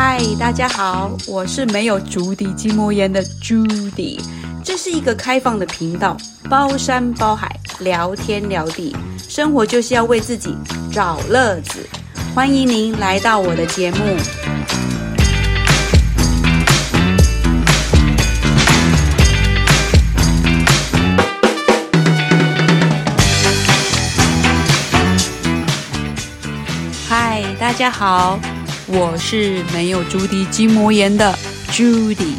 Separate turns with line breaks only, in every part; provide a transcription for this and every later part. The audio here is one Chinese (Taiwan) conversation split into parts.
嗨，大家好，我是沒有足底筋膜炎的朱迪的 Judy。這是一個開放的頻道，包山包海，聊天聊地，生活就是要為自己找樂子。歡迎您來到我的節目。嗨，大家好。我是沒有足底筋膜炎的 Judy，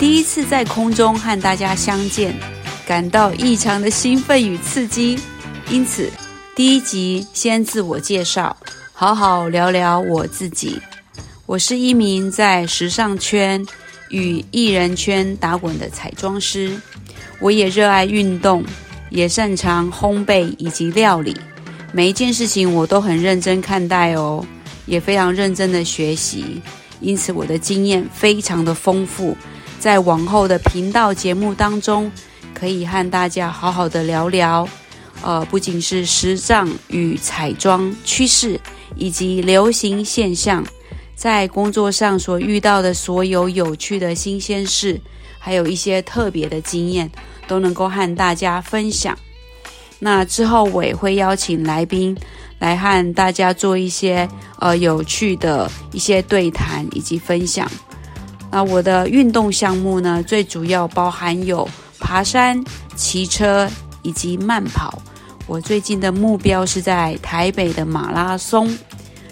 第一次在空中和大家相見，感到異常的興奮與刺激，因此第一集先自我介紹，好好聊聊我自己。我是一名在時尚圈與藝人圈打滾的彩妝師，我也熱愛運動，也擅長烘焙以及料理，每一件事情我都很認真看待哦。也非常認真的學習，因此我的經驗非常的豐富，在往後的頻道節目當中，可以和大家好好的聊聊，呃，不僅是時尚與彩妝趨勢，以及流行現象，在工作上所遇到的所有有趣的新鮮事，還有一些特別的經驗，都能夠和大家分享。那之後我也會邀請來賓。來和大家做一些呃，有趣的一些對談以及分享。那我的運動項目呢，最主要包含有爬山、騎車以及慢跑。我最近的目標是在台北的馬拉松，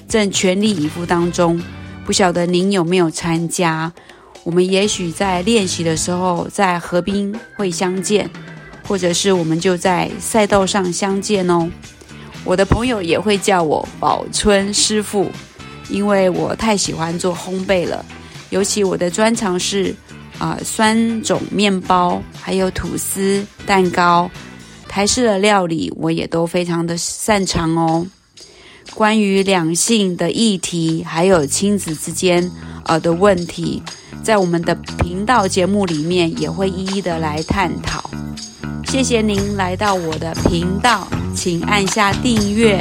正全力以赴當中。不曉得您有沒有參加？我們也許在練習的時候在河邊會相見，或者是我們就在賽道上相見哦。我的朋友也會叫我寶春師傅，因為我太喜歡做烘焙了，尤其我的專長是啊、呃、酸種麵包，還有吐司、蛋糕，台式的料理我也都非常的擅長哦。關於兩性的議題，還有親子之間啊、呃、的問題，在我們的頻道節目裡面也會一一的來探討。謝謝您來到我的頻道，請按下訂閱與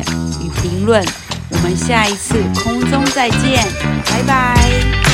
評論，我們下一次空中再見，拜拜。